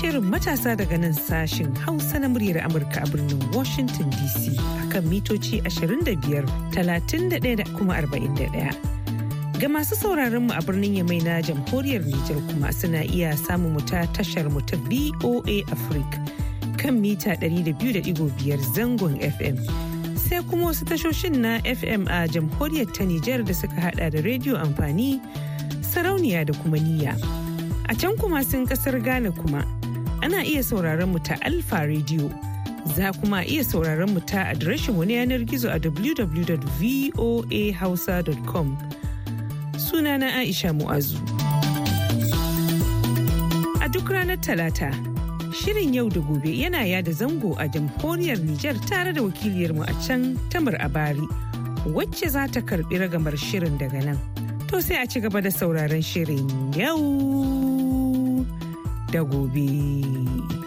shirin matasa daga nan sashin Hausa na muryar Amurka a birnin Washington DC akan mitoci 25, 31 kuma 41. Ga masu sauraronmu a birnin Yamai na jamhuriyar Nijar kuma suna iya samun mu ta tashar mu ta BOA Africa kan mita 200.5 zangon FM. Sai kuma wasu tashoshin na FM a jamhuriyar ta Nijar da suka hada da rediyo amfani, sarauniya da kuma niyya. A can kuma sun kasar Ghana kuma ana iya sauraron mu ta Alfa Radio. Za kuma iya sauraron mu ta adireshin wani yanar gizo a www.voahausa.com. na Aisha Mu'azu. A duk ranar Talata, shirin yau da gobe yana yada zango a jamhuriyar Nijar tare da wakiliyar mu a can Tamar Abari, wacce za ta karbi ragamar shirin daga nan. To sai a ci gaba da sauraron shirin yau da gobe.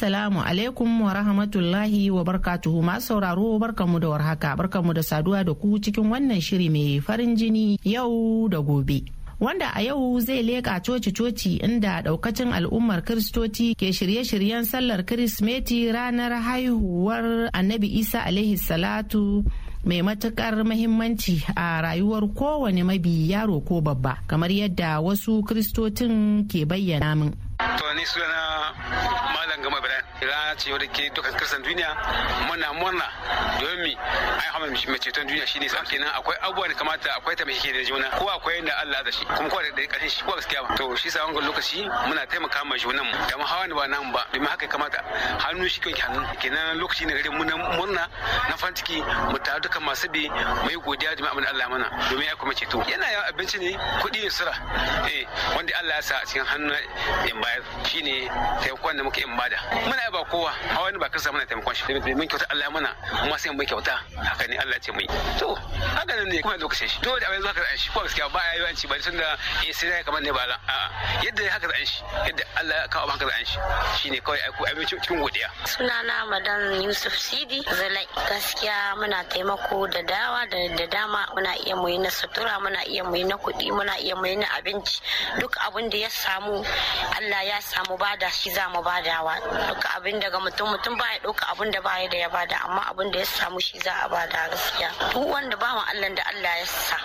Assalamu alaikum wa rahmatullahi wa barkatuhu masu sauraro barkanmu da warhaka barkamu da saduwa da ku cikin wannan shiri mai farin jini yau da gobe. Wanda a yau zai leƙa coci-coci inda ɗaukacin al'ummar Kiristoci ke shirye-shiryen sallar Kirismeti ranar haihuwar Annabi Isa alaihi salatu mai matukar mahimmanci a rayuwar kowane mabi yaro ko babba kamar yadda wasu kiristocin ke bayyana min. To ni suna rana ce wadda ke dukkan kirsan duniya muna murna domin mi an hama mai ceton duniya shine sam kenan akwai abubuwa da kamata akwai ta mai da juna ko akwai da Allah da shi kuma ko da kashin shi ko gaskiya ba to shi sa wannan lokaci muna taimaka ma junan mu da mu hawa ne ba nan ba domin haka kamata hannu shi kan hannu kenan lokaci ne gare mu na murna na fantiki mu ta duka masu bi mai godiya da mu Allah mana domin ya kuma ceto yana yawan abinci ne kuɗi ne sura eh wanda Allah ya sa a cikin hannu in bayar shine taimakon da muka in bada muna ba ko kowa a wani bakin ka samu na taimakon shi domin kyauta Allah ya mana amma sai mun kyauta haka ne Allah ce mai to haka ne kuma lokacin shi dole abin zaka da shi ko gaskiya ba ya wanci ba tunda eh sai ya kamar ne ba a yadda haka da shi yadda Allah ya kawo haka da shi shine kawai aiko a cikin godiya sunana madan Yusuf Sidi Zalai gaskiya muna taimako da dawa da dama muna iya mu yi na sutura muna iya mu yi na kuɗi muna iya mu yi na abinci duk abin da ya samu Allah ya samu bada shi za mu badawa duk abin da daga mutum mutum ba ya ɗauka abin da ba ya da ya bada amma abin da ya samu shi za a bada gaskiya duk wanda ba mu Allah da Allah ya sa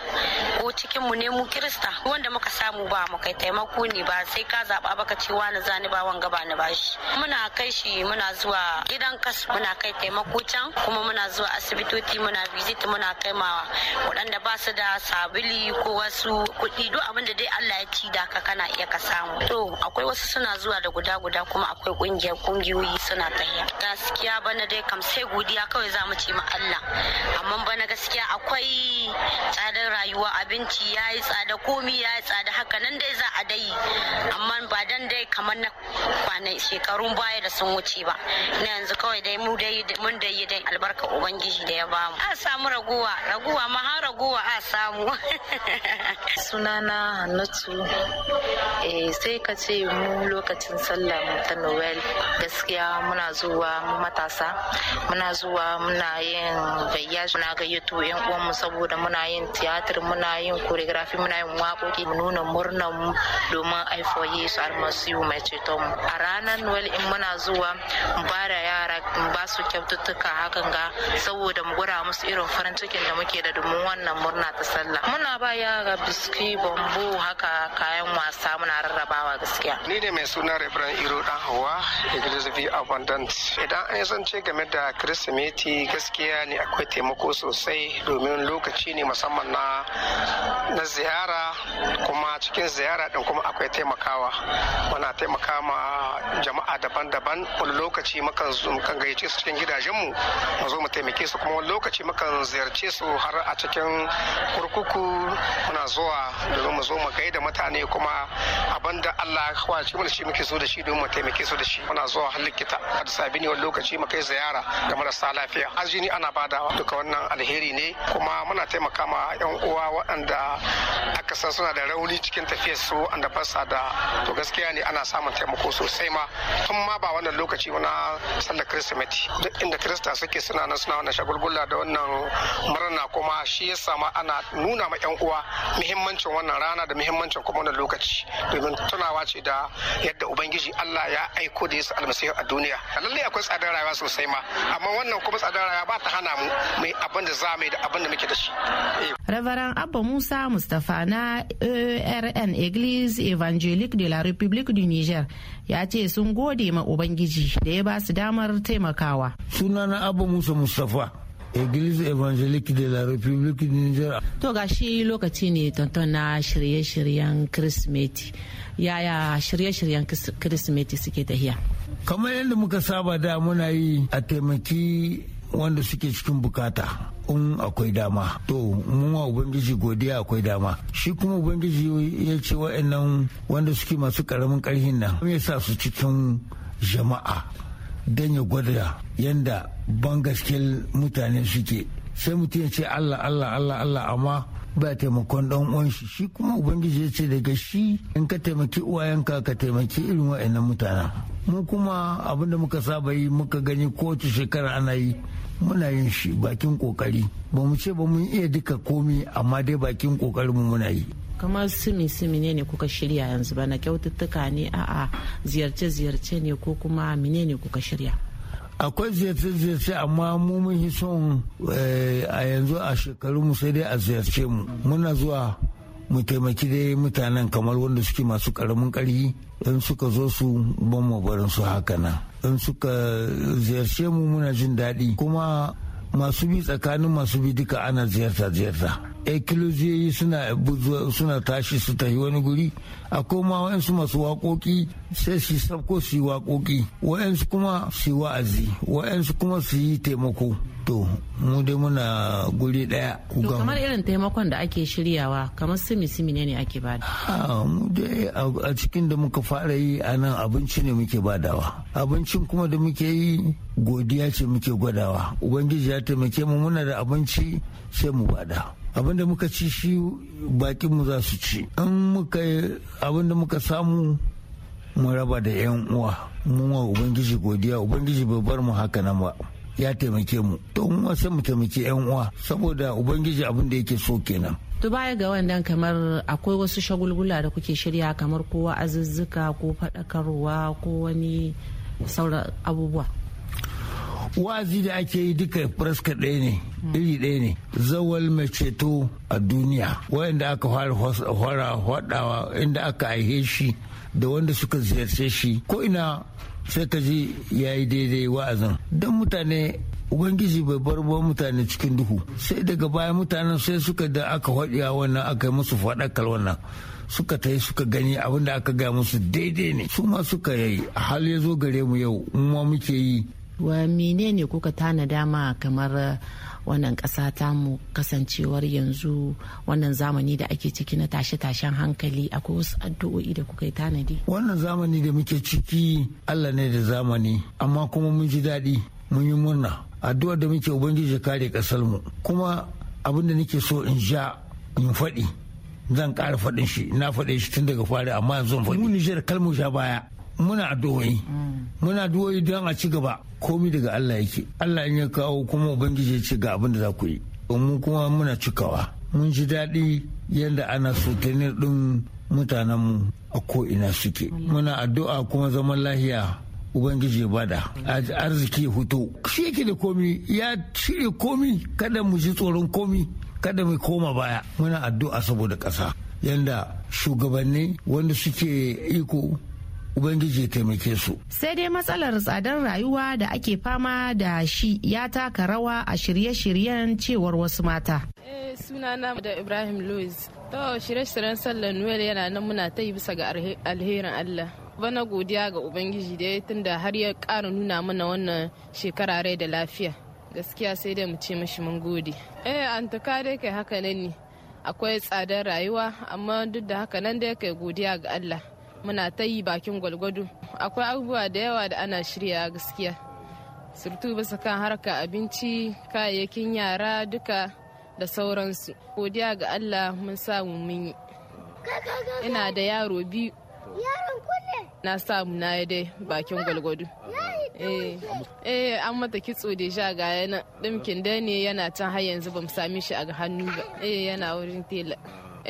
ko cikin mu ne mu kirista wanda muka samu ba mu kai taimako ne ba sai ka zaba ka ce wani zani ba wanga ba ni bashi muna kai shi muna zuwa gidan kas muna kai taimako can kuma muna zuwa asibitoci muna visit muna kai ma waɗanda ba su da sabili ko wasu kuɗi duk abin da dai Allah ya ci da ka kana iya ka samu to akwai wasu suna zuwa da guda guda kuma akwai ƙungiyar ƙungiyoyi suna tahiya gaskiya bana dai kam sai godiya kawai za mu ce ma Allah amma bana gaskiya akwai tsadar rayuwa abinci ya yi tsada komi ya yi tsada haka nan dai za a dai amma ba dan dai kamar na kwanan shekarun baya da sun wuce ba na yanzu kawai dai mu dai mun dai dai albarka ubangiji da ya bamu a samu raguwa raguwa ma har raguwa a samu sunana hannatu eh sai ka ce mu lokacin sallah ta noel gaskiya muna zuwa matasa muna zuwa muna yin bayyaji ga gayyato yan uwanmu saboda muna yin tiyatir muna yin koreografi muna yin waƙoƙi mu nuna murnan mu domin aifo Yesu almasihu mai ceton mu a ranar Noel in muna zuwa mu ba yara mu ba su kyaututtuka hakan ga saboda mu gura musu irin farin cikin da muke da domin wannan murna ta sallah muna ba yara biski bambo haka kayan wasa muna rarrabawa gaskiya ni ne mai suna rebran Iro dan Hawa Iglesia V Abundant idan an zance game da Kirsimeti gaskiya ne akwai taimako sosai domin lokaci ne musamman na na ziyara kuma cikin ziyara din kuma akwai taimakawa muna taimaka ma jama'a daban-daban wani lokaci mukan gayyace su cikin gidajenmu mu zo mu taimake su kuma wani lokaci mukan ziyarce su har a cikin kurkuku muna zuwa da mu zo mu gaida mutane kuma abin da Allah ya kawo cikin shi muke so da shi domin mu taimake su da shi muna zuwa har likita har ne wani lokaci mu kai ziyara ga marasa lafiya azini ana badawa duka wannan alheri ne kuma muna taimaka ma yan uwa waɗanda aka san suna da rauni cikin tafiyar su da ba da to gaskiya ne ana samun taimako sosai ma tun ma ba wannan lokaci na sallar kirsimeti duk inda kirista suke suna nan suna wannan shagulgula da wannan murna kuma shi yasa sama ana nuna ma yan uwa muhimmancin wannan rana da muhimmancin kuma wannan lokaci domin tunawa ce da yadda ubangiji Allah ya aiko da yesu almasihu a duniya lallai akwai tsadar rayuwa sosai ma amma wannan kuma tsadar rayuwa ba ta hana mu mai abin da za mu yi da abin da muke da shi. Eh. Rabaran Abba Musa Mustapha na ARN eh, Eglise Evangelique de la République du Niger ya ce sun gode ma Ubangiji da ya ba su damar taimakawa. Sunana Abu Musa Mustapha Eglise Evangelique de la République du Niger. To gashi lokaci ne tonton na shirye-shiryen Kirsimeti. Yaya shirye-shiryen Kirsimeti suke tahiya? Kamar yadda muka saba da muna yi a taimaki wanda suke cikin bukata in akwai dama to mun wa ubangiji godiya akwai dama shi kuma ubangiji ya ce wa'annan wanda suke masu karamin karhin nan ya sa su cikin jama'a don ya gwada yanda ban gaskiyar mutane suke sai mutum ya ce allah allah allah allah amma ba taimakon dan uwan shi shi kuma ubangiji ya ce daga shi in ka taimaki uwayenka ka taimaki irin wa'annan mutanen mu kuma abinda muka saba yi muka gani kowace shekara ana yi muna yin shi bakin kokari ba mu ce ba mu iya duka komi amma dai bakin kokarin mu muna yi kamar sumi sumi ne ne kuka shirya yanzu ba na kyaututtuka ne a'a ziyarce ziyarce ne ko kuma mine ne kuka shirya akwai ziyarce-ziyarce amma mu mun son eh, a yanzu a shekarunmu sai dai a ziyarce mu muna zuwa mu taimaki dai mutanen kamar wanda suke masu karamin ƙarfi in suka zo su ban mu barin su haka nan in suka ziyarce mu muna jin daɗi kuma masu bi tsakanin masu bi duka ana ziyarta ziyarta ekiloziyoyi suna suna tashi su tafi wani guri a koma wa'yansu masu waƙoƙi sai su sabko su yi waƙoƙi wa'yansu kuma su yi wa'azi wa'yansu kuma su yi taimako to mu dai muna guri ɗaya to kamar irin taimakon da ake shiryawa kamar simi simi ne ne ake bada ah, mu dai a cikin da muka fara yi a nan abinci ne muke badawa abincin kuma da muke yi godiya ce muke gwadawa ubangiji ya taimake mu muna da abinci sai mu bada abin da muka ci shi mu za su ci an muka abin muka samu mu raba da 'yan uwa mun wa ubangiji godiya ubangiji bai bar mu haka nan ba ya taimake mu to mu sai mu taimake 'yan uwa saboda ubangiji abin da yake so kenan to baya ga wannan kamar akwai wasu shagulgula da kuke shirya kamar kowa azuzzuka ko fadakarwa ko wani sauran abubuwa wazi da ake yi duka furaska ɗaya ne iri ɗaya ne zawal mai ceto a duniya wayanda aka fara faɗawa inda aka aihe shi da wanda suka ziyarce shi ko ina sai ka ji ya yi daidai wa'azin don mutane ubangiji bai bar ba mutane cikin duhu sai daga baya mutanen sai suka da aka faɗiya wannan aka yi musu faɗakar wannan suka ta suka gani abin da aka gaya musu daidai ne su ma suka yi hal ya zo gare mu yau mu ma muke yi wa menene kuka tana dama kamar eh, wannan ƙasa ta mu kasancewar yanzu wannan zamani da ake ciki na tashe-tashen hankali akwai wasu addu'o'i da kuka yi tanadi wannan zamani da muke ciki allah ne da zamani amma kuma mun ji daɗi mun yi murna addu'ar da muke ubangiji kare kasar mu kuma abin da nake so in ja in faɗi zan ƙara faɗin shi na faɗe shi tun daga fari amma yanzu faɗi mun nijar kalmu sha baya muna addu'o'i mm. muna addu'o'i don a ci gaba komi daga Allah yake Allah in ya kawo kuma ubangiji ya ce ga abin da za ku yi mu kuma muna cikawa mun ji daɗi yadda ana sotanin ɗin mu a ko'ina suke muna addu'a kuma zaman lahiya ubangiji ya bada arziki hutu shi yake da komi ya ci komi kada mu ji tsoron komi kada mu koma baya muna addu'a saboda ƙasa Yanda shugabanni wanda suke iko ubangiji ya taimake su sai dai matsalar tsadar rayuwa da ake fama da shi ya taka rawa a shirye-shiryen cewar wasu mata Eh sunana da ibrahim louis to shirye-shiryen sallar noel yana nan muna ta yi bisa ga alherin allah bana godiya ga ubangiji da ya tunda har ya ƙara nuna mana wannan shekara rai da lafiya gaskiya sai dai mu ce mashi mun gode eh an dai kai haka nan ne akwai tsadar rayuwa amma duk da haka nan dai kai godiya ga allah muna ta yi bakin gwalgwado akwai abubuwa da yawa da ana shirya gaskiya surtu bisa kan harka abinci kayayyakin yara duka da sauransu godiya ga allah mun samu mun yi ina da yaro biyu na samu na dai bakin gwalgwado eh, eh an mata kitso da sha ga yana dimkin da ne yana can har yanzu bamu sami shi a hannu ba eh yana wurin tela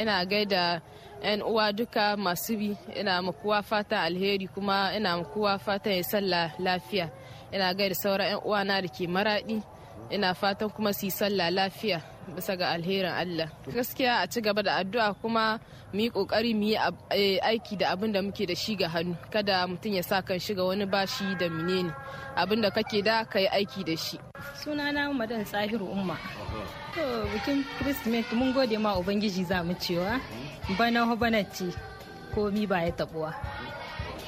ina gaida 'yan uwa duka masu bi ina makuwa fatan alheri kuma ina makuwa fatan ya salla lafiya ina gaida sauran 'yan uwa na da ke maraɗi ina fatan kuma su yi lafiya bisa ga alherin Allah gaskiya a ci gaba da addu'a kuma mu yi kokari mu yi eh, aiki da abin da muke da shi ga hannu kada mutum ya sa kan shiga wani bashi da menene abin da kake da ka yi aiki da shi sunana madan tsahiru umma to bikin christmas mun gode ma ubangiji za mu cewa bana hubanacci komi ba ya tabuwa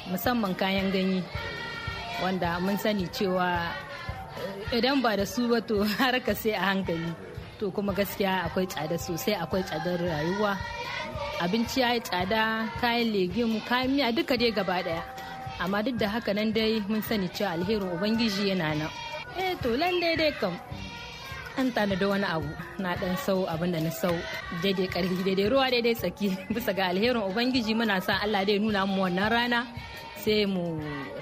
musamman kayan ganye wanda mun sani cewa eh, idan ba da su ba to harka sai a hankali to kuma gaskiya akwai tsada sosai akwai tsadar rayuwa abinci ya yi tsada kayan legim kayan miya duka dai gaba daya amma duk da haka nan dai mun sani cewa alherin ubangiji yana nan eh to lan dai kam an tanada wani abu na dan sau abin da na sau daidai karfi daidai ruwa daidai tsaki bisa ga alherin ubangiji muna sa Allah dai nuna mu wannan rana sai mu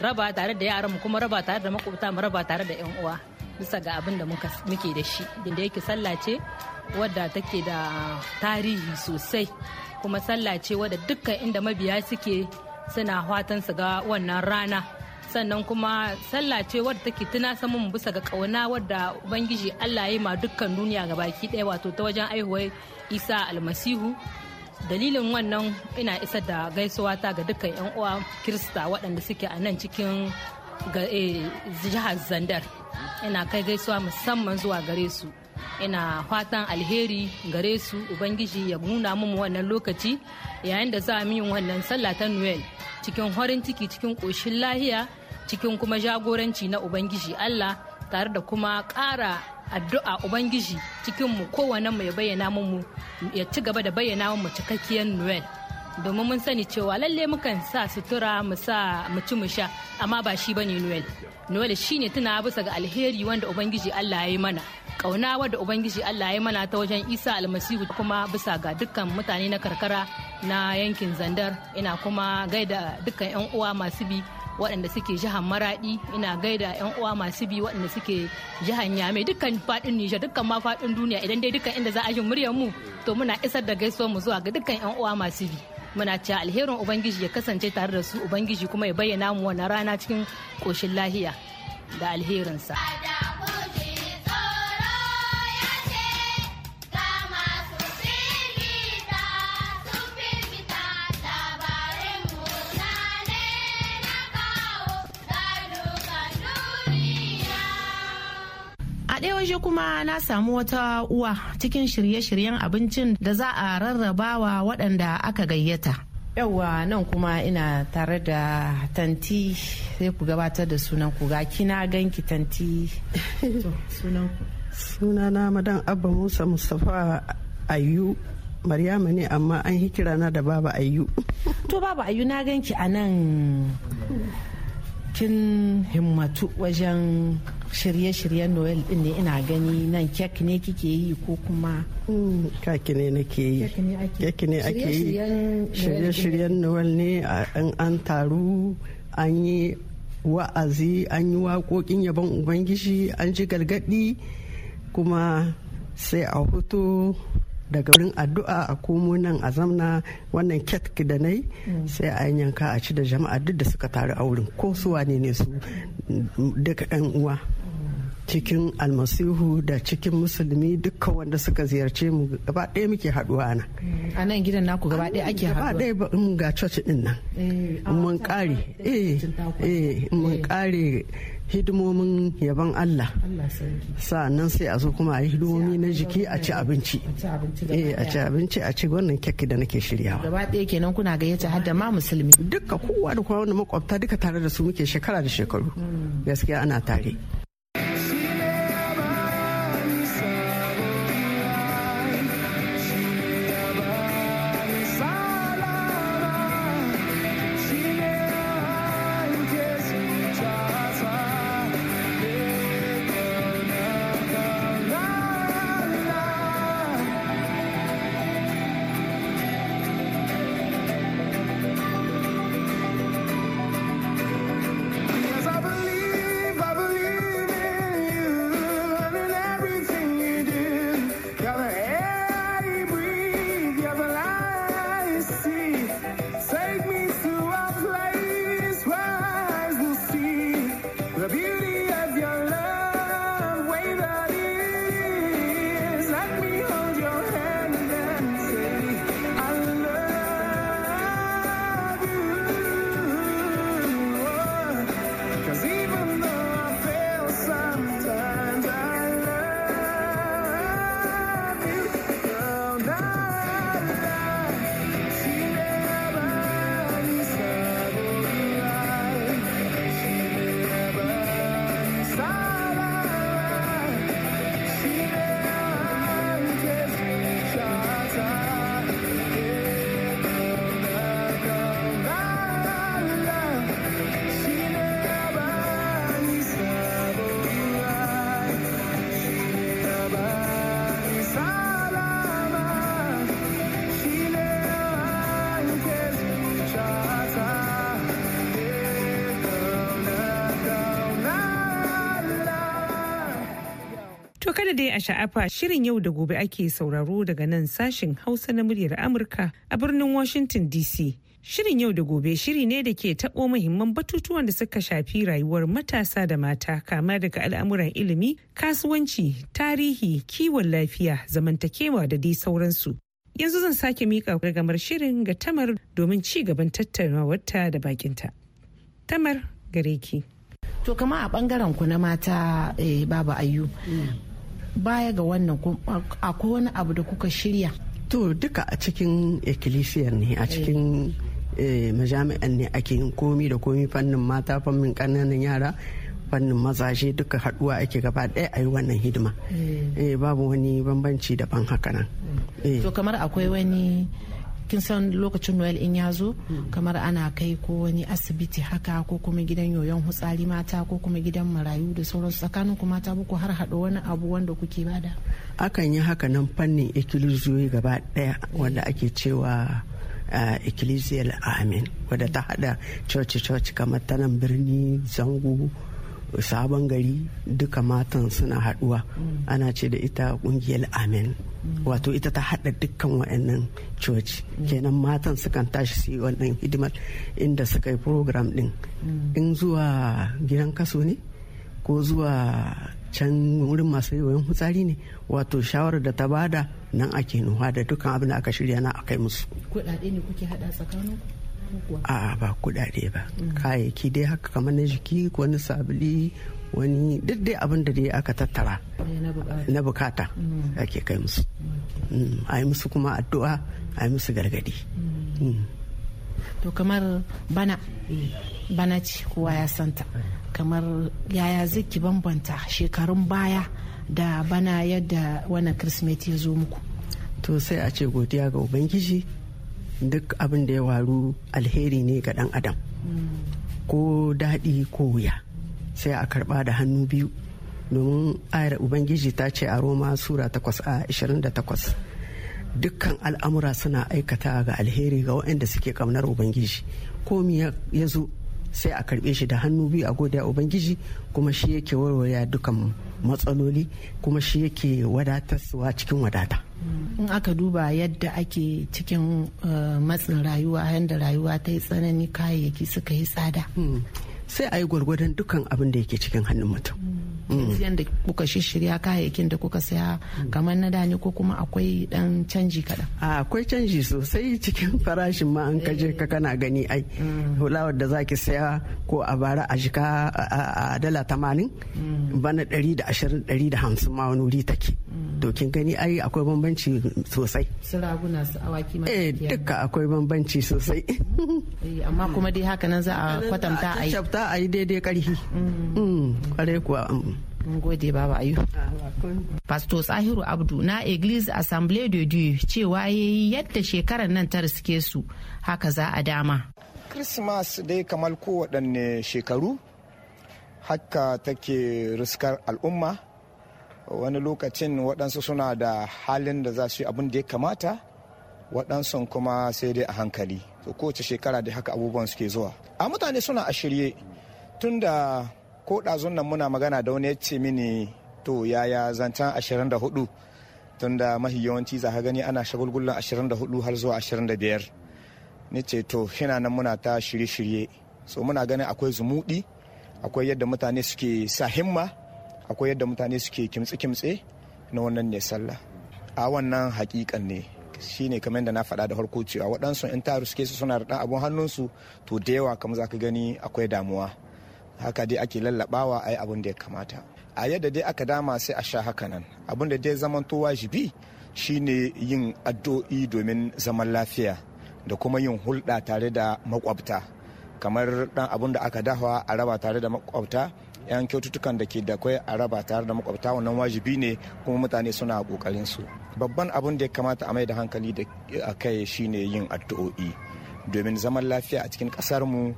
raba tare da yaran mu kuma raba tare da makwabta mu raba tare da yan uwa bisa ga abin da muke da shi inda yake sallah ce wadda take da tarihi sosai kuma sallah ce wadda dukkan inda mabiya suke suna fatan su ga wannan rana sannan kuma sallah ce wadda take tuna samun bisa ga kauna wadda ubangiji Allah ya ma dukkan duniya ga baki ɗaya wato ta wajen aihuwar Isa almasihu dalilin wannan ina isa da gaisuwa ta ga dukkan yan uwa Kirista waɗanda suke a nan cikin eh, jihar Zandar ina kai gaisuwa musamman zuwa gare su ina fatan alheri gare su ubangiji ya nuna mu wannan lokaci yayin da za mu yi wannan sallah ta noel cikin horin ciki cikin ƙoshin lahiya cikin kuma jagoranci na ubangiji allah tare da kuma ƙara addu'a ubangiji cikin mu kowane mu ya bayyana mu ya ci gaba da bayyana mu cikakkiyar noel domin mun sani cewa lalle mukan sa sutura mu sa mu ci mu sha amma ba shi bane noel noel shine tuna bisa ga alheri wanda ubangiji allah ya yi mana kauna wadda ubangiji allah ya yi mana ta wajen isa almasihu kuma bisa ga dukkan mutane na karkara na yankin zandar ina kuma gaida dukkan yan uwa masu bi waɗanda suke jihar maraɗi ina gaida yan uwa masu bi waɗanda suke jihar nyame dukkan faɗin nijar dukkan ma faɗin duniya idan dai dukkan inda za a ji muryar mu to muna isar da gaisuwar mu zuwa ga dukkan yan uwa masu bi muna cewa alherin ubangiji ya kasance tare da su ubangiji kuma ya bayyana mu wannan rana cikin koshin lahiya da alherinsa. je kuma na samu wata uwa cikin shirye-shiryen abincin da za a rarrabawa waɗanda aka gayyata. yauwa nan kuma ina tare da tanti sai ku gabatar da sunan ku ga kina ganki tanti suna na sunana madan abba musa mustapha ayu maryama ne amma an yi na da baba ayu to baba ayu na ganki a nan kin himmatu wajen shirye-shiryen noel din ne ina gani nan kek ne kike yi ko kuma mm, kaki ne nake yi kek ne ake yi shirye-shiryen noel ne an taru an yi wa'azi an yi waƙoƙin yabon ubangiji an ji galgadi kuma sai a hoto daga wurin addu'a a komo nan a zamna wannan ketk da nai mm. sai a yanka a ci da jama'a duk da suka taru a wurin ko suwa ne ne su duka yan uwa cikin almasihu da cikin musulmi dukkan wanda suka ziyarce mu gaba ɗaya muke haɗuwa na. a nan gidan naku gaba ɗaya ake haɗuwa gaba ɗaya mun ga coci ɗin nan eh, mun ƙare eh, eh mun eh. ƙare hidimomin yaban Allah sa'annan sai a zo kuma a yi hidimomi na jiki a ci abinci eh a ci abinci a ci wannan kek da nake shiryawa gaba ɗaya kenan kuna gayyata har da ma musulmi duka kowa da kowa wanda makwabta duka tare da su muke shekara da shekaru hmm. gaskiya ana tare dai a sha'afa shirin yau da gobe ake sauraro daga nan sashen Hausa na muryar Amurka a birnin Washington DC. Shirin yau da gobe shiri ne da ke taɓo muhimman batutuwan da suka shafi rayuwar matasa da mata kama daga al'amuran ilimi, kasuwanci, tarihi, kiwon lafiya, zamantakewa da dai sauransu. Yanzu zan sake miƙa ragamar shirin ga Tamar domin ci gaban tattaunawarta da bakinta. Tamar gareki. To kama a bangaren ku na mata eh, babu ayyu. Ayu. Mm. baya ga wannan akwai wani abu da kuka shirya to duka a cikin ikkilisiyar ne a cikin eh, majami'an ne ake yin komi da komi fannin mata fannin ƙananan yara fannin mazaje duka haduwa ake gaba ɗaya a yi wannan hidima eh. Eh, babu wani bambanci daban haka nan to kamar akwai wani kin san lokacin noel in ya zo hmm. kamar ana kai ko wani asibiti haka ko kuma gidan yoyon hutsari mata ko kuma gidan marayu da sauransu tsakanin ku mata buku har haɗa wani abu wanda kuke bada akan yi haka nan fannin ikiliziyoyi gaba daya wanda ake cewa a eh, ecclesial amin wadda ta hada coci-coci kamar ta nan birni zango sabon gari duka matan suna haduwa ana ce da ita kungiyar amen wato ita ta hada dukkan wa'annan coci kenan matan sukan tashi su yi wannan hidimar inda suka yi program din in zuwa gidan kaso ne ko zuwa can wurin masu yawon hutsari ne wato shawarar da ta bada nan ake nuha da dukkan abin da aka shirya na akai musu kuɗaɗe ne kuke hada tsakanin a ba kudade ba kayayyaki dai haka kamar na jiki wani sabili wani duk dai abin da dai aka tattara eh, na bukata mm. ake kai musu mm. a yi musu kuma addu'a a yi musu gargadi mm. to kamar bana eh. bana ce kowa ya santa kamar yaya zaki bambanta shekarun baya da bana yadda wannan kirsimeti ya zo muku to sai a ce godiya ga ubangiji duk abin da ya waru alheri ne ga dan adam ko daɗi ko wuya sai a karɓa da hannu biyu domin ayar ubangiji ta ce a roma sura 8 a 28 dukkan al'amura suna aikata ga alheri ga waɗanda suke kamnar ubangiji komi ya zo sai a karɓe shi da hannu biyu a godiya ubangiji kuma shi yake warware dukkan matsaloli kuma shi yake wadatarsuwa cikin wadata in aka duba yadda ake cikin eh, matsin rayuwa yadda rayuwa ta yi tsanani kayayyaki suka yi tsada hmm. sai a yi gwargwadon dukkan abin da yake cikin hannun mutum da kuka shishirya kayayyakin da kuka saya kamar na dani ko kuma akwai dan canji kaɗan. akwai canji sosai cikin farashin ma an kaje ka kana gani ai hulawar da zaki saya ko a bara a shika a dala tamanin bana ɗari da ashirin ɗari da hamsin ma wani wuri take to kin gani ai akwai bambanci sosai su raguna su awaki ma eh duka akwai bambanci sosai eh, amma kuma dai haka nan za a kwatanta a yi a yi daidai karhi kwarai mm. mm, kuwa mm. mun gode baba ayu pastor tsahiru abdu na eglise assemblée de dieu cewa yayi yadda shekarar nan ta riske su haka za a dama christmas dai kamar kowaɗanne shekaru haka take riskar al'umma wani lokacin waɗansu suna da halin da za su yi abin da ya kamata waɗansu kuma sai dai a hankali kowace shekara da haka abubuwan suke zuwa a mutane suna a shirye tun da ko ɗazun nan muna magana da wani ya ce mini to yaya zancen 24 tunda mahi yawanci za ka gani ana shagulgulan 24 har zuwa 25 ni ce to hina nan muna ta shirye-shirye so muna ganin akwai zumuɗi akwai yadda mutane suke sa himma akwai yadda mutane suke kimtse-kimtse na wannan ne sallah a wannan hakikan ne shine kamar da na faɗa da harko cewa waɗansu in taru suke su suna da ɗan abun hannunsu to da yawa kamar za ka gani akwai damuwa haka dai ake lallabawa a yi abin da ya kamata a yadda dai aka dama sai a sha haka nan abin da dai to wajibi shine yin addu'o'i domin zaman lafiya da kuma yin hulɗa tare da makwabta kamar dan abin da aka dafa a raba tare da makwabta yan kyaututtukan da ke da kwai a raba tare da makwabta wannan wajibi ne kuma mutane suna kokarin su babban abin da ya kamata a mai da hankali da kai shine yin addu'o'i domin zaman lafiya a cikin kasar mu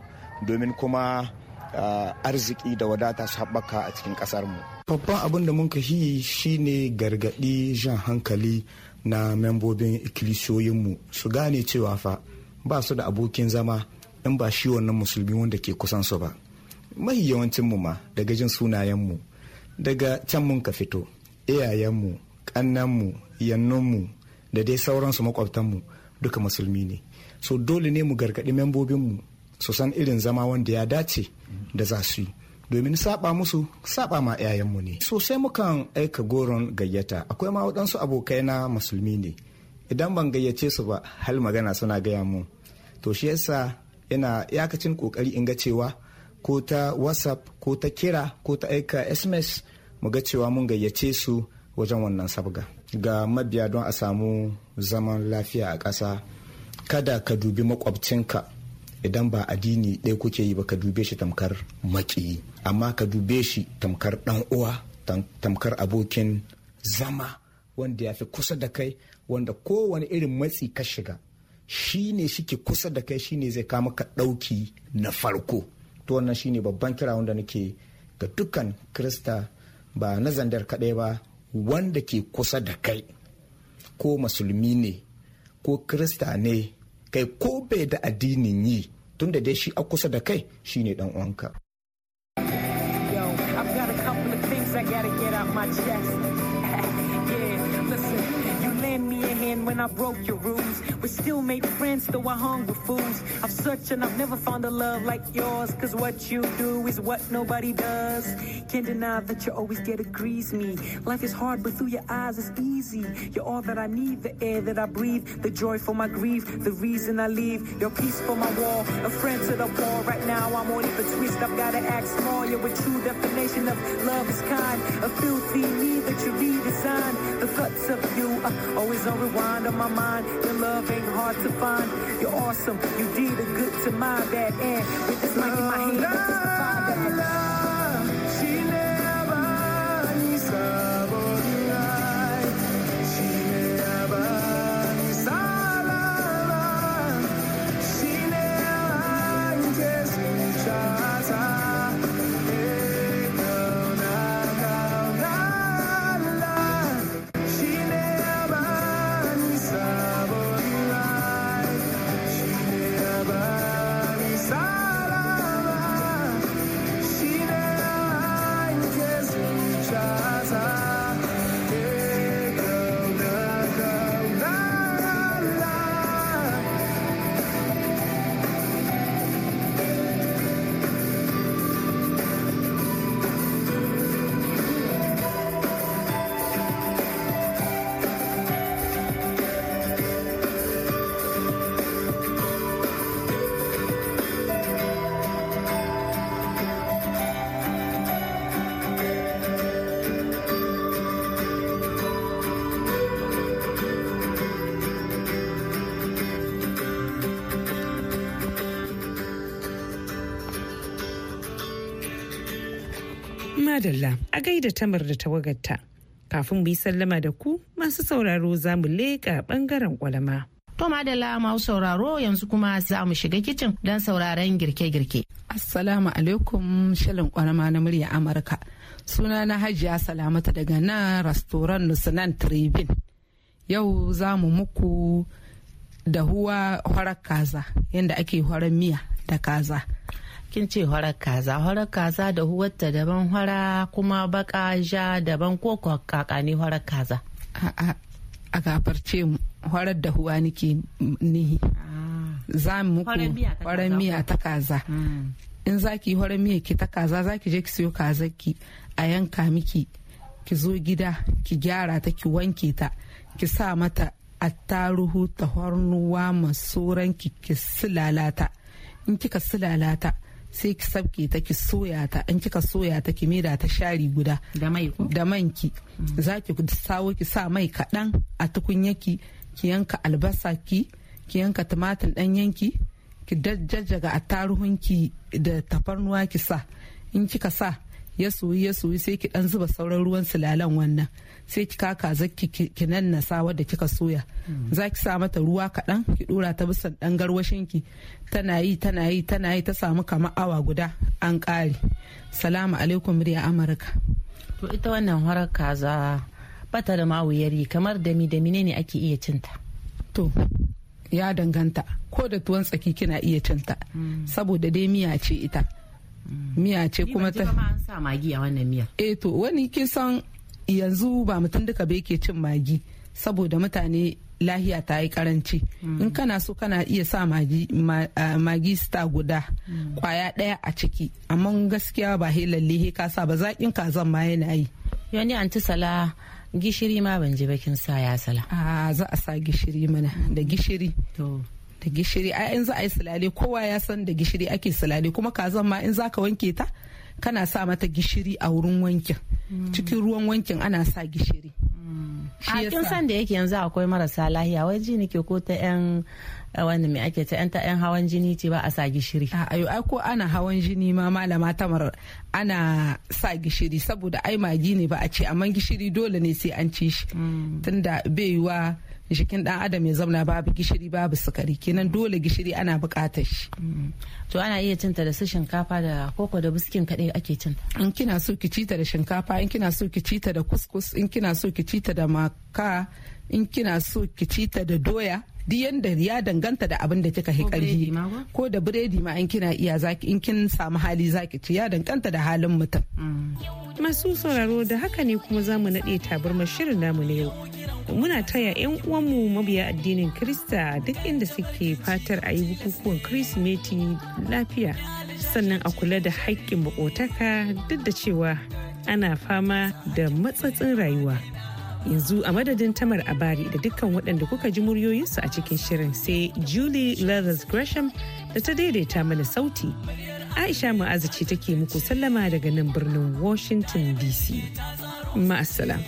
domin kuma arziki da wadata su haɓaka a cikin mu. Babban abin da mun shi shine gargaɗi jan hankali na membobin ikkilisiyoyinmu su gane cewa fa ba su da abokin zama in ba shi wannan musulmi wanda ke kusan su ba. Mahi yawancinmu ma daga jin sunayenmu daga can mun ka fito iyayenmu ƙannanmu yannunmu da dai sauransu mu duka musulmi ne so dole ne mu gargaɗi membobinmu su san irin zama wanda ya dace da za su yi domin saba musu saba ma 'ya'yanmu ne sosai mukan aika goron gayyata akwai ma waɗansu abokai na musulmi ne idan ban gayyace su ba hal magana suna gaya mu to shi yasa yana yakacin kokari in ga cewa ko ta whatsapp ko ta kira ko ta aika sms mu ga cewa mun gayyace su wajen wannan sabga ga mabiya don a samu zaman lafiya a ƙasa kada ka dubi makwabcinka idan ba addini ɗaya kuke yi ba ka dube shi tamkar maƙiyi amma ka dube shi tamkar ɗan uwa tamkar abokin zama wanda ya fi kusa da kai wanda kowane irin matsi ka shiga shi ne shike kusa da kai shi ne zai kama ka ɗauki na farko to wannan shi ne babban kira wanda nake ga dukkan krista ba na zandar kaɗai ba wanda ke kusa da kai ko musulmi ne ko krista ne kai ko bai da addinin yi tunda dai shi a kusa da kai shine dan uwanka. Yo, I've got a couple of things I gotta get out my chest. when I broke your rules. We still made friends, though I hung with fools. I've searched and I've never found a love like yours. Cause what you do is what nobody does. Can't deny that you always get grease me. Life is hard, but through your eyes it's easy. You're all that I need, the air that I breathe, the joy for my grief, the reason I leave, your peace for my wall, a friend to the wall. Right now I'm only it for twist, I've gotta act small. You're a true definition of love is kind, a filthy need that you redesign, the guts of uh, always on rewind on my mind. Your love ain't hard to find. You're awesome. You did a good to my bad end. With this mic in my hand. madalla a gaida tamar da tawagarta. Kafin mu sallama da ku masu sauraro za mu leƙa ɓangaren kwalama. To madalla masu sauraro yanzu kuma za mu shiga kicin don sauraren girke-girke. Assalamu alaikum shirin kwarama na murya Amurka. Suna na Hajiya Salamata daga nan restaurant Nusunan Tribin. Yau za mu muku da huwa horar kaza yadda ake horar miya da kaza. kin ce horar kaza horar kaza da huwarta daban hora kuma baka ja daban ko ne horar kaza a gafarce mu horar da huwa nake nihi ah. za mu muku horar miya ta kaza hmm. in za ki horar miya ki ta kaza za ki je ki siyo kaza ki a yanka miki ki zo gida ki gyara ta ki wanke ta ki sa mata attaruhu ta hornuwa masu ki ki silalata in kika silalata sai ki sabke ta ki soya ta in kika soya ta ki da ta shari guda da man ki mm. za ki sawo ki sa mai kaɗan a tukunyaki ki yanka albasa ki ki yanka tumatir ɗan yanki ki jajjaga attaruhun ki da tafarnuwa ki sa in kika sa ya soyi ya soyi sai ki dan zuba sauran ruwan sulalan wannan sai ki kaka zaki ki nannasa wadda kika soya mm. za ki sa mata ruwa kaɗan ki dora ta bisa dan garwashin ki tana yi tana yi tana yi ta samu kamar awa guda an kare salamu alaikum murya amurka to ita wannan harar kaza bata da mawuyari kamar dami dami ne ake iya cinta to ya danganta ko da tuwon tsaki kina iya cinta mm. saboda dai miya ce ita miya ce kuma ta magi a wannan miya eh to wani kin san yanzu ba mutum duka bai ke cin magi saboda mutane lahiya ta yi karanci hmm. in kana so kana iya sa magi star guda hmm. kwaya daya a ciki amma gaskiya ba he lalle he ka sa ba zakin kazan ma yana yi yani anti sala gishiri ma ban ji bakin sa ya sala a za a sa gishiri mana da gishiri da gishiri a in za a yi sulale kowa ya san da gishiri ake sulale kuma kaza ma in za ka wanke ta kana sa mata gishiri a wurin wankin mm. cikin ruwan wankin ana sa gishiri mm. a kin san da yake yanzu akwai marasa lahiya wai ji nake ko ta yan eh, wani mai ake ta yan ta yan hawan jini ce ba a sa gishiri a ayo ai ko ana hawan jini ma malama tamar ana sa gishiri saboda ai magi ne ba a ce amma gishiri dole ne sai an ci shi mm. tunda bai yiwa jikin dan adam ya zauna babu gishiri babu sukari kenan dole gishiri ana bukatar shi to ana iya cinta da su shinkafa da koko da biskin kadai ake cin in kina so ki cita da shinkafa in kina so ki cita da kuskus in kina so ki cita da maka in kina so ki cita da doya duk yadda ya danganta da abin da kika karfi ko da biredi ma in kina iya zaki in kin samu hali zaki ci ya danganta da halin mutum mm. masu sauraro da haka ne kuma za mu naɗe tabarmar shirin namu na yau muna taya 'yan uwanmu mabiya addinin krista duk inda suke fatar a yi bukukuwan kirsimeti lafiya sannan a kula da haƙƙin makotaka duk da cewa ana fama da matsatsin rayuwa yanzu a madadin tamar abari da dukkan waɗanda kuka ji muryoyinsu a cikin shirin sai julie leathers gresham da ta daidaita mana sauti aisha ma'azu ce take muku sallama daga nan birnin washington dc ma'asala.